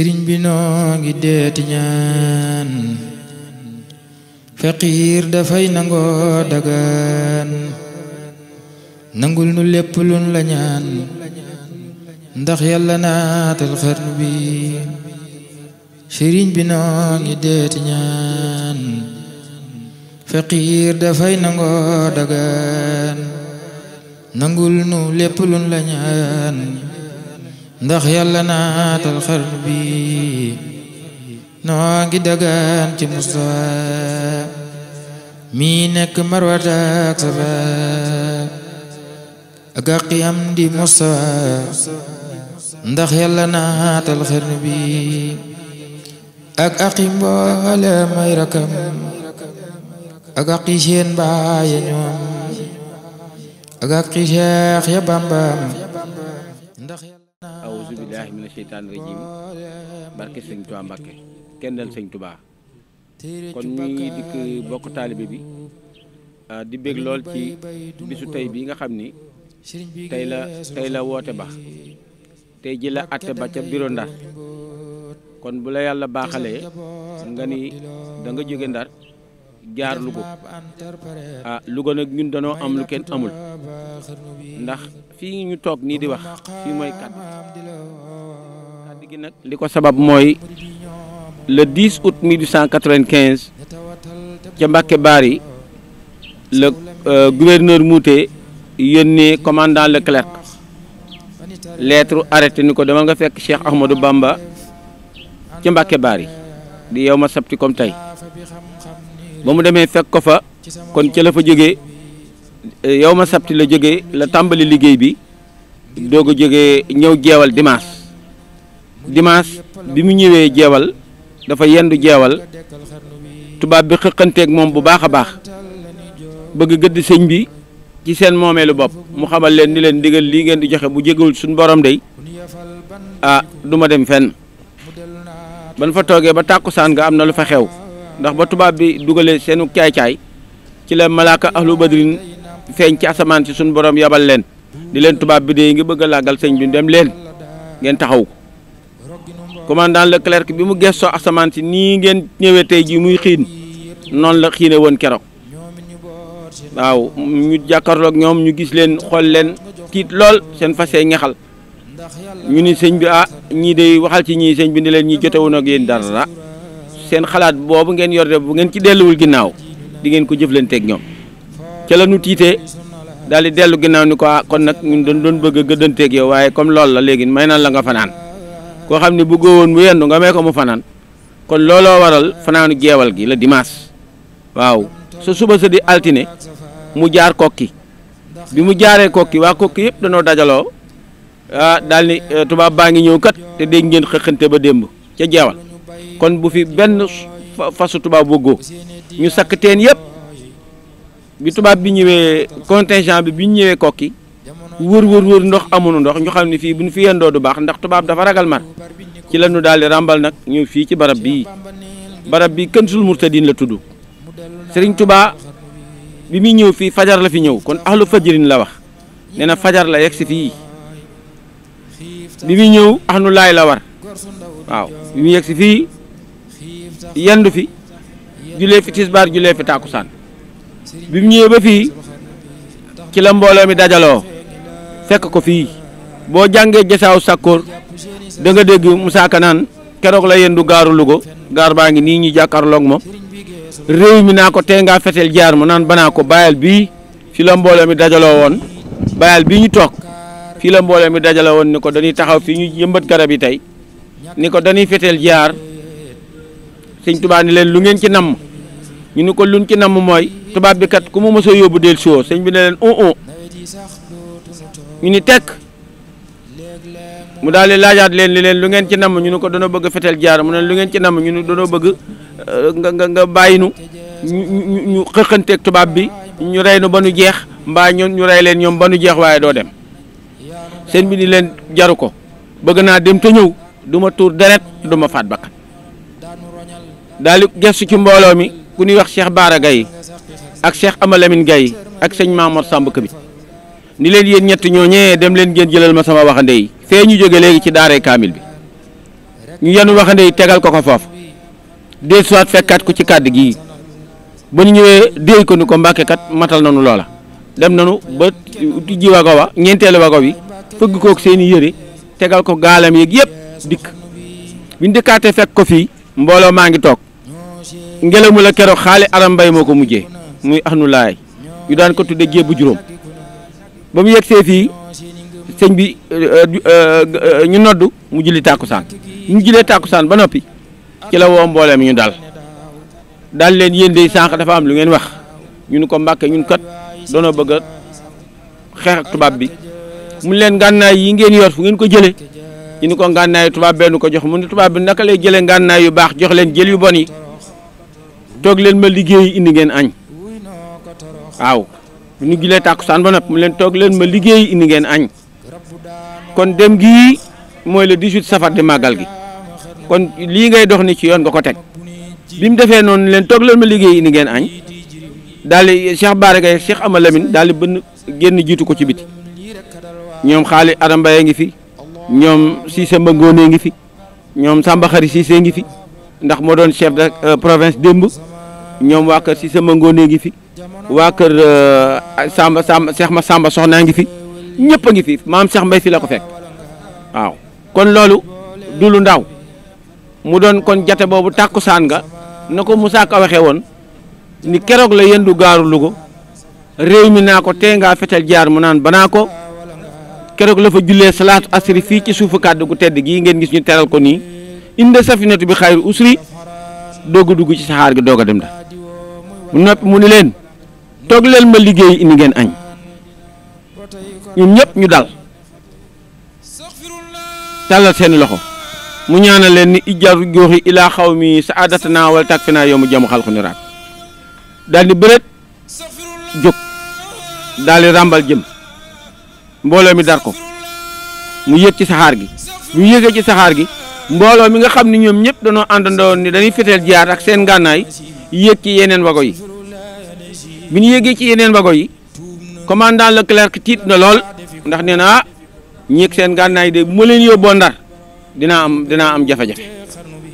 sëriñ bi noo ngi deeti ñaan faqiir dafay nangoo dagaan nangul nu lépp luñ la ndax yàlla naatal xarnu bi sëriñ bi noo ngi faqiir dafay nangoo dagaan nangul nu lépp luñ la ndax yàlla naatal xarnu bi noo ngi dagaan ci Musaa mi nekk marwata ak safa ak aqiyam di Musaa ndax yàlla naatal xarnu bi ak aqi mboole may rakam aqi seen baaya ñoom ak aqi Seex ya Bàmbaam billahi mina sheytaani rajim barke sëñ Tuubaa Mbàkke kenn dal sëñ Tuubaa kon ñi dikk bokk taalibe bi ah, di bég lool ci bisu tey bi nga xam ni tey la tey la woote ba tey ji la atte ba ca bureau Ndar kon bu la yàlla baaxalee nga ni da jóge Ndar jaar Louga ah Louga nag ñun danoo am lu kenn amul ndax fii ñu toog nii di wax fii mooy kàddu kàddu li ko sabab mooy le 10 août 1895 ca Mbàkke Bari le euh, gouverneur Mouté yónnee commandant Leclerc lettre arrêté ni ko demal nga fekk Cheikh Ahmadou Bamba ci Mbàkke Bari di yow ma sabti comme tey ba mu demee fekk ko fa kon ca la fa jóge yow ma sabti la jóge la tàmbali liggéey bi doog a jóge ñëw jeewal dimanche dimanche bi mu ñëwee jeewal dafa yendu jeewal tubaab bi xëqanteeg moom bu baax a baax bëgg gëdd sëñ bi ci seen moomeelu bopp mu xamal leen ni leen digal lii ngeen di joxe bu jégewul suñu borom day ah du ma dem fenn ban fa toogee ba tàkkusaan nga am na lu fa xew ndax ba tubaab bi dugalee seenu caay-caay ci la malaaka ahlu badrin feeñ ci asamaan si suñu boroom yabal leen di leen tubaab bi de ngi bëgg a laagal sëñ bi dem leen ngeen taxaw ko commandant Leclerc bi mu gestoo asamaan si nii ngeen ñëwee tey jii muy xiin noonu la xiine woon keroog waaw ñu jàkkaarloog ñoom ñu gis leen xool leen tiit lool seen fa fasee ñaxal ñu ni sëñ bi ah ñii day waxal ci ñii sëñ bi ni leen ñi jotewoon ak yéen dara seen xalaat boobu ngeen yor de bu ngeen ci delluwul ginnaaw di ngeen ko jëflanteeg ñoom ca la nu tiitee daal di dellu ginnaaw ni ko ah, kon nag ñun doon doon bëgg a gëddanteeg yow waaye comme loolu la léegi may nan la nga fanaan koo xam ne bu woon mu yendu nga may ko mu fanaan kon looloo waral fanaanu jeewal gi la dimanche waaw sa suba sa di altine mu jaar kokki bi mu jaaree kokki waa kokki yëpp danoo dajaloo ah daal ni eh, tubaab baa ngi ñëw kat te dégg ngeen xëxante ba démb ca jeewal kon bu fi benn fasu tubaab bëggoo ñu sakk teen yëpp bi tubaab bi ñëwee contingent bi bi ñu ñëwee kokki wër wër wër ndox amuñu ndox ñu xam ne fii bu ñu fi yendoo du baax ndax tubaab dafa ragal mar ci la ñu daal di ràmbal nag ñëw fii ci barab bii barab bi Kanzul Mourtadine la tudd Serigne Touba bi muy ñëw fii fajar la fi ñëw kon ahlu fajarin la wax nee na fajar la yegg si fii bi muy ñëw nu laay la war waaw ñu yegg si fii yendu fi julee fi tisbaar julee fi tàkkusaan bi mu ñëwee ba fii ci la mbooloo mi dajaloo fekk ko fii boo jàngee jasaaw sàkkoor da nga dégg Moussa Kanaan keroog la yendu gaaru Louga gaar baa ngi nii ñu jàkkaarloog moom réew mi naa ko tee ngaa fetel jaar mu naan banaa ko bayal bi fi la mbooloo mi dajaloo woon bayal bii ñu toog fii la mbooloo mi dajaloo woon ni ko dañuy taxaw fii ñu yëmbat garab yi tey ni ko dañuy feteel jaar sëñ tubaa ni leen lu ngeen ci nam ñu ni ko luñ ci namm mooy tubaab bi kat ku mu mosoo yóbbu del siwoo sëñ bi ne leen un un ñu ni tekk mu daal di laajaat leen li leen lu ngeen ci namm ñu ni ko danoo bëgg feteel jaar mu ne lu ngeen ci namm ñu ni danoo bëgg euh, nga nga nga bàyyi nu ñu ñu tubaab bi ñu rey nu ba nu jeex mbaa ñoom ñu rey leen ñoom ba nu jeex waaye doo dem sëñ bi ni leen jaru ko bëgg naa dem te ñëw duma tuur deret du ma faat bakkan daal gestu ci mbooloo mi ku ñuy wax Cheikh Baara Gaye ak Cheikh Amalamine Gaye ak sëñ Mamour Samb Kabit ni leen yéen ñett ñooñee dem leen ngeen jëlal ma sama waxande yi fee ñu jóge léegi ci daaree kaamil bi ñu yenu waxande yi tegal ko ko foofu dee fekkaat ko ci kàdd gi ba ñu ñëwee déey ko ni ko mbàkke kat matal nanu loola dem nanu ba tijji wago wa ñeenteelu wago bi fëgg kook seeni yëre tegal ko gaalam yeeg yëpp dikk biñ dikkaatee fekk ko fi mbooloo maa ngi toog ngelaw ngelamu la keroog xaali aram mbay moo ko mujjee muy ax nu laay yu daan ko tudde jébbu juróom ba mu yegsee fii sëñ bi euh, euh, ñu nodd mu julli tàkkusaan ñu jullee tàkkusaan ba noppi ci la woo mboolee mi ñu daal daal leen yéen dey dafa am lu ngeen wax ñu ko mbàkke ñun kat doonoo bëgg a xeex tubaab bi mu leen gànnaay yi ngeen yor fu ngeen ko jëlee ñu ni ko ngànnaayu tubaab benn ko jox mu ne tubaab bi naka lay jëlee ngànnaay yu baax jox leen jël yu bon yi toog leen ma liggéey indi ngeen añ waaw bu ñu gilee tàkkusaan ba nopp leen toog leen ma liggéey indi ngeen añ kon dem gi mooy le 18 safar di màggal gi kon lii ngay dox ni ci yoon nga ko teg bi mu defee noonu leen toog leen ma liggéey indi ngeen añ daal di Cheikh Bara Gaye Cheikh Ama Lamine daal di bënn génn jiitu ko ci biti ñoom xaali Adam Mbaye ngi fi. ñoom Cissé Mbangoone ngi fi ñoom Samba Xari Cissé ngi fi ndax moo doon chef de euh, province démb ñoom waa kër Cissé Mbangoone ngi fi waa kër euh, Samba Samba Cheikh ma Samba Soxna ngi fi ñëpp a ngi fi maam seex Mbay fi la ko fekk waaw kon loolu du lu ndaw mu doon kon jate boobu tàkkusaan nga na ko Moussa Ka waxee woon ni keroog la yendu gaaru Louga réew mi naa ko tee ngaa fetal jaar mu naan banaa ko keroog la fa jullee salaatu asri fii ci suufu kàddu gu tedd gii ngeen gis ñu teral ko nii inde safinatu bi xayru usri doog a dugg ci saxaar gi doog a dem da mu noppi mu ni leen toog leen ma liggéey indi ngeen añ ñun ñëpp ñu dal tàllal seen loxo mu ñaanal leen ni ijaaru gooxi ilaa xaw mi sa àddatana wala tàkk fi naa yomb jamu xalku ni raab di bëreet jóg daal ràmbal jëm mbooloo mi dar ko mu yéeg ci saxaar gi bu yëgee ci saxaar gi mbooloo mi nga xam ne ñoom ñëpp dañoo àndandoo ni dañuy feteel jaar ak seen ngànnaay yéeg ci yeneen wago yi bi ñu yëgee ci yeneen wago yi commandant Leclerc tiit na lool ndax nee na ah ñeeg seen ngànnaay de bu ma leen dina am dinaa am jafe-jafe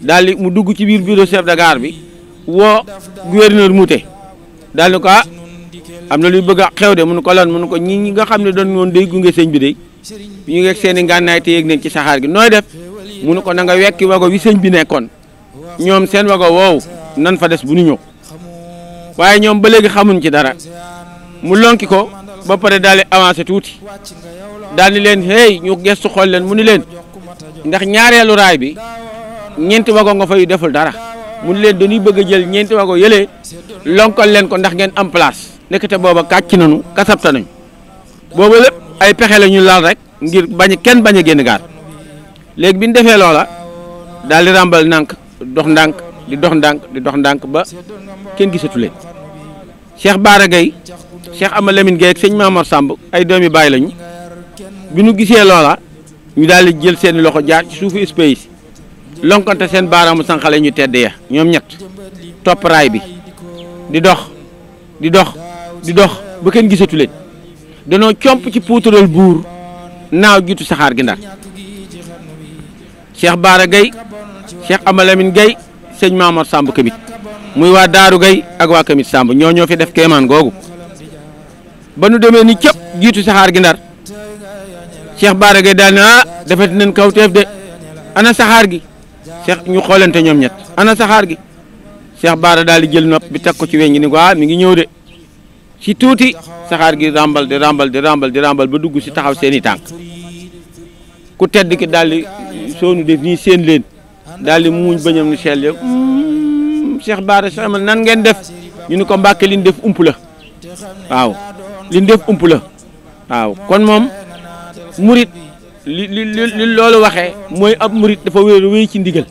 daal di mu dugg ci biir bureau chef de gare bi woo gouverneur Moutet daal di ko ah am na luy bëgg a xew de munu ko lan munu ko ñi ñi nga xam ne doon woon day gunge sëñ bi de bi ñu ngeeg seen i ngànnaay te yéeg nañ ci saxaar gi nooy def munu ko na nga wekki wago wi sëñ bi nekkoon ñoom seen wago woow nan fa des bu nu ñu ñëw waaye ñoom ba léegi xamuñ ci dara mu lonki ko ba pare daal di avancé tuuti daal di leen hey ñu gestu xool leen mu ni leen ndax ñaareelu raay bi ñeenti wago nga fay deful dara mu ni leen dañuy bëgg a jël ñeenti wago yëlee leen ko ndax ngeen am place nekkate booba kàcc nañu kasabta nañu booba lépp ay pexe lañu ñu laal rek ngir bañ kenn bañ a génn gaar léegi bi ñu defee loola daal di ràmbal ndànk dox ndànk di dox ndànk di dox ndànk ba kenn gisatu leen Cheikh Baara Gueye Cheikh Ama Lamine Gueye ak sëñ Mamor Samb ay doomi baay lañu bi ñu gisee loola ñu daal di jël seeni loxo jaar ci suufu espace lonkante seen baaraamu sànqale ñu tedd ya ñoom ñett toppraay bi di dox di dox. di dox ba kenn gisatu leen danoo comp ci puutaral buur naaw jiitu saxaar gi ndar Cheikh Baara gay Cheikh Amalamine gay sëñ Maamor Samb kamit muy waa Daaru Gueye ak waa kamit Samb ñoo ñoo fi def kéemaan googu ba nu demee ni cëpp jiitu saxaar gi ndar Cheikh Baara Gueye daal ne ah defati nañ kawteef de ana saxaar gi Cheikh ñu xoolante ñoom ñett ana saxaar gi Cheikh Baara daal di jël nopp bi teg ko ci weñ gi ni ko ah mi ngi ñëw de ci tuuti saxaar gi ràmbal di ràmbal di ràmbal di ba dugg si taxaw seen i tànk ku tedd ki daal soonu def nii seen leen daal di muuñ bañam ni seel ya mm, Cheikh Bara Cheikh man nan ngeen def ñu ni ko Mbàkke li ñu def ump la waaw li ñu def ump la waaw kon moom murit li li li loolu waxee mooy ab murit dafa wéeru wéy ci ndigal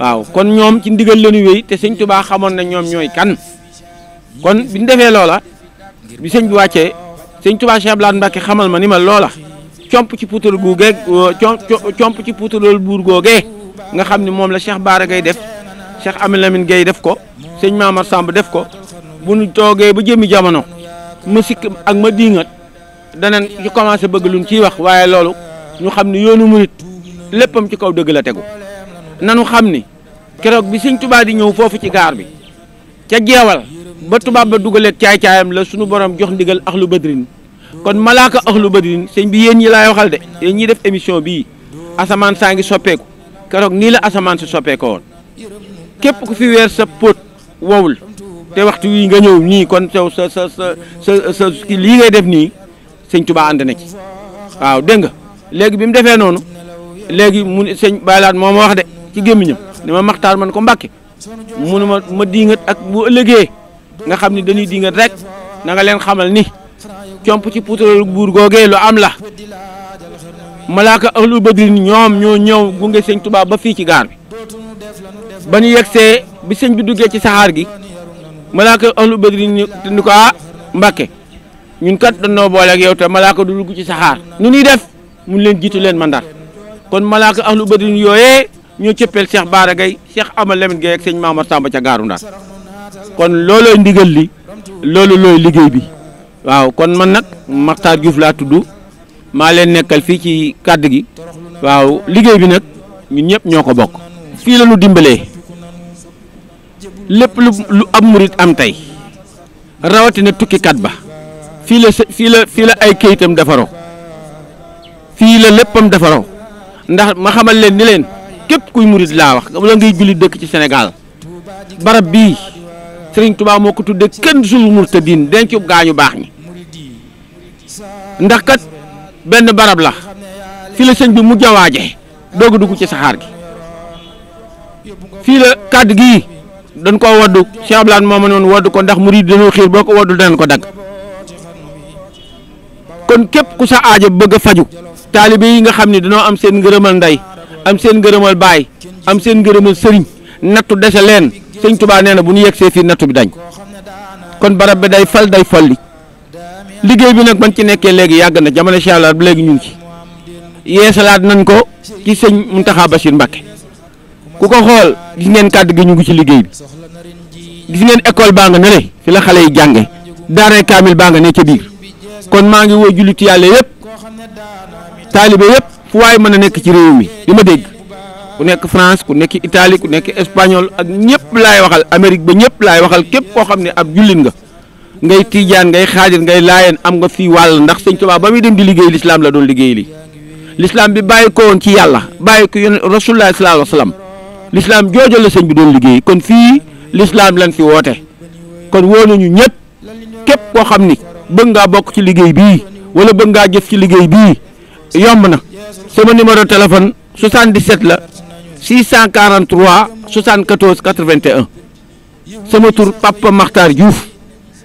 waaw kon ñoom ci ndigal la ñu wéy te sëñ Tuubaa xamoon na ñoom ñooy kan kon biñ defee loola bi sëñ bi wàccee sëñ Tuubaa Cheikh Abdoulaye Mbacke xamal ma ni ma loola comp ci puutal guugee comp ci puutalal buur googee nga xam ne moom la Cheikh Baara gay def Cheikh Amadou Lamine gay def ko sëñ Maamar Samb def ko bu nu toogee ba jëmmi jamono ma sikk ak ma diingat danañ ci commencé bëgg luñ ciy wax waaye loolu ñu xam ne yoonu murit léppam ci kaw dëgg la tegu nanu xam ni keroog bi sëñ Tuubaa di ñëw foofu ci gaar bi ca jeewal ba tubaab ba dugaleeg caay-caayam la suñu borom jox ndigal axlu badrin kon malaaka axlu badrin sëñ bi yéen ñi laay waxal de yéen ñiy def émission bii asamaan saa ngi soppeeku keroog nii la asamaan si soppeeko woon képp ku fi weer sa póot wowul te waxtu wi nga ñëw nii kon sa sa sa sa sa lii ngay def nii sëñ tubaa ànd na ci waaw dégg nga léegi bi mu defee noonu léegi mu sëñ baylaat moo ma wax de ci gémmiñam ni ma maxtaar man ko mbàkke munu ma ma diingat ak bu ëllëgee nga xam ni dañuy dingat rek nanga leen xamal ni comp ci puutalu guur googee lu am la malaaka ahlu badrin ñoom ñoo ñëw gunge sëñ tubaab ba fii ci gaar bi ba ñu yegsee bi sëñ bi duggee ci saxaar gi malaaka ahlu badrin te ni ko ah, ñun kat dañoo boole ak yow te malaaka du dugg ci saxaar nu ñuy def mun leen jiitu leen mandar kon malaaka ahlu badrin yooyee ñoo cëppeel Cheikh Baara Gaye Cheikh Amal Lamine Gaye ak sëñ Maamar Samba ca gaaru Ndar kon loolooy ndigal li loolu looy liggéey bi waaw kon man nag Makhtar Diouf laa tudd maa leen nekkal fii ci kàddu gi waaw liggéey bi nag ñun ñëpp ñoo ko bokk. fii la ñu dimbalee lépp lu lu ab murit am tey rawatina tukkikat ba fii la fii la fii la ay kayitam defaroo fii la léppam defaroo ndax ma xamal leen ni leen képp kuy murit laa wax la ngay julli dëkk ci Sénégal barab bii. Sëriñ Tuubaa moo ko tudde kenn sul murtadin dencub gaañu baax ñi ndax kat benn barab la fi la sëñ bi mu jawaaje doog a dugg ci saxaar gi fii la kàddu gi dañ koo waddu Cheikh Abdoulaye moo ma noon waddu ko ndax murid dañoo xiir boo ko waddu danañ ko dagg kon képp ku sa aajo bëgg a faju taalibe yi nga xam ne dañoo am seen ngërëmal ndey am seen ngërëmal baay am seen ngërëmal sëriñ nattu dese leen sëñ tubaa nee na bu ñu yegsee fii nattu bi dañ kon barab bi day fal day fal folli liggéey bi nag ban ci nekkee léegi yàgg na jamono si yàlla bu léegi ñu ngi ci yeesalaat nañ ko ci sëñ Muntaxa Bachir Mbacke ku ko xool gis ngeen kàddu gi ñu ci liggéey bi gis ngeen école baa nga ne ci la xale yi jànge daaree kaamil baa nga ne ca biir kon maa ngi woo jullit yàlla yëpp taalibe yëpp fu waay mën a nekk ci réew mi li ma dégg. ku nekk France ku nekk Italie ku nekk espagnol ak ñëpp laay waxal Amérique ba ñëpp laay waxal képp koo xam ne ab jullit nga ngay tiijaan ngay xaadir ngay laayeen am nga fii wàll ndax sëñ Tuubaa ba muy dem di liggéey lislaam la doon liggéey li lislaam bi bàyyi ko woon ci yàlla bàyyi ko yónne Rasulullah sallallahu alayhi wa sallam lislaam joojo la sëñ bi doon liggéey kon fii lislaam la fi woote kon woo nañu ñëpp képp koo xam ni bëgg ngaa bokk ci liggéey bii wala bëgg ngaa jëf ci liggéey bii yomb na sama numéro téléphone 77 la 643 74 81 sama tur Papa Makhtar Diouf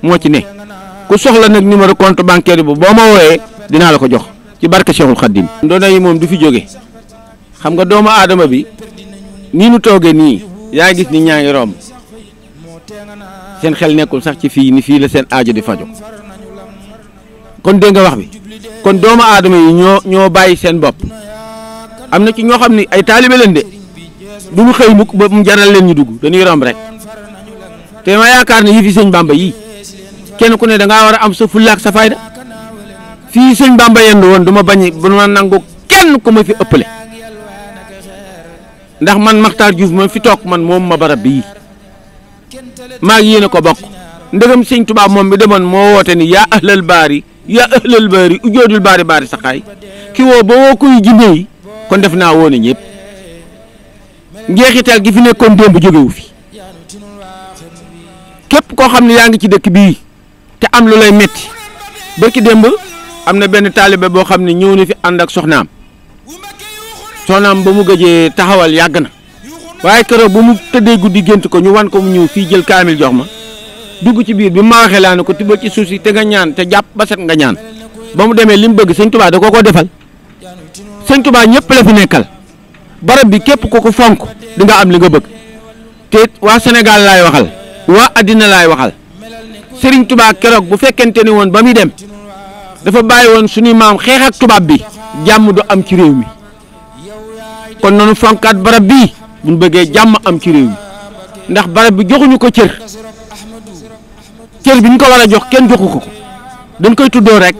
moo ci ne ku soxla nag numéro compte bancaire bu boo ma wooyee dinaa la ko jox ci barke Cheikhul Khadim ndono yi moom du fi jóge xam nga doomu aadama bi nii nu toogee nii yaa gis ni ñaa ngi romb seen xel nekkul sax ci fii ni fii la seen aajo di fajo kon dégg nga wax bi kon doomu aadama yi ñoo ñoo bàyyi seen bopp am na ci ñoo xam ne ay taalibe leen de du ñu xëy mukk ba mu jaral leen ñu dugg dañuy romb rek te ma yaakaar ne yii fi sëñ Bamba yii kenn ku ne da war a am sa fulla ak sa fayda fii sëñ Bamba yendu woon du ma bañ bu ma nangu kenn ku ma fi ëppale ndax man Makhtar Diouf ma fi toog man moom ma barab bi yii maa ngi yéen ko bokk ndegam sëñ Tuubaa moom bi demoon moo woote ni yaa ahlal baari yaa ahlal baari ujoodul baari baari saxaay ki woo ba woo koy jibee kon def naa woon ñëpp. njeexital gi fi nekkoon démb jógewu fi képp koo xam ne yaa ngi ci dëkk bii te am lu lay metti bërki démb am na benn taalibe boo xam ne ñëw na fi ànd ak soxnaam soxnaam ba mu gëjee taxawal yàgg na waaye keroog ba mu tëddee guddi gént ko ñu wan ko mu ñëw fii jël kaamil jox ma dugg ci biir bi ma laa ne ko tibbal ci suuf si te nga ñaan te jàpp ba set nga ñaan ba mu demee li mu bëgg sëñ Tuubaa da koo ko defal sëñ Tuubaa ñëpp la fi nekkal. barab bi képp ko ko fonk di nga am li nga bëgg te waa Sénégal laay waxal waa àddina laay waxal Serigne Touba keroog bu fekkente ne woon ba muy dem dafa bàyyi woon suñu maam xeex tubaab bi jàmm du am ci réew mi kon noonu fonkaat barab bii buñ bëggee jàmm am ci réew mi ndax barab bi joxuñu ko cër cër bi ñu ko war a jox kenn joxu ko ko dañ koy tuddoo rek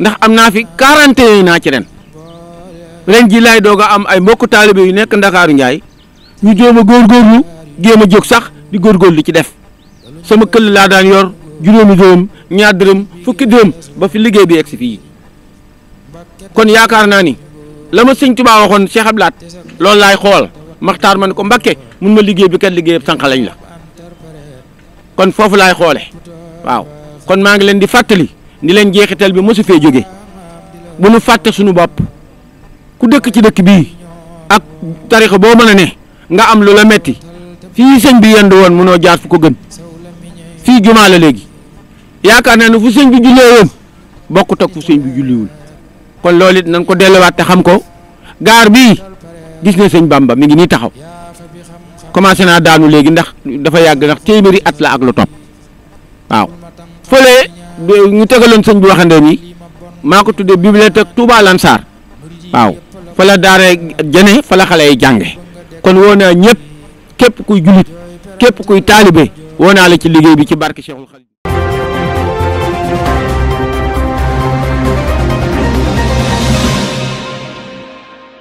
ndax am naa fi quarante ans naa ci ren. ren ji laay doog a am ay mbokku taalibe yu nekk ndakaaru Ndiaye ñu jéem a góorgóorlu jéem a jóg sax di góor góor li ci def sama këll laa daan yor juróomi dërëm ñaar dërëm fukki dërëm ba fi liggéey bi egsi fii kon yaakaar naa ni la ma sëñ Tuubaa waxoon Cheikh Ablaat loolu laay xool maxtaar ma ne ko mbakke mun ma liggéey bi kat liggéeyam sànq lañ la kon foofu laay xoole waaw kon maa ngi leen di fàttali ni leen jeexital bi mosu fee jóge bu nu fàtte sunu bopp. ku dëkk ci dëkk bii ak tarixa boo mën a ne nga am lu la metti fii sëñ bi yendu woon mënoo jaar fu ko gën fii jumaa la léegi yaakaar naa ne fu sëñ bi jullee woon bokkut ak fu sëñ bi julliwul kon loolu it ko delluwaat te xam ko gaar bii gis na sëñ Bamba mi ngi nii taxaw commencé naa daanu léegi ndax dafa yàgg ndax téeméeri at la ak lu topp waaw fële ñu tegaloon sëñ bi waxandeen yi maa ko tuddee bibliothèque Touba Lansar waaw fa la daara jëne fa la xale yi jànge kon woo naa ñëpp képp kuy julit képp kuy taalibe woo naa la ci liggéey bi ci barke Cheikhul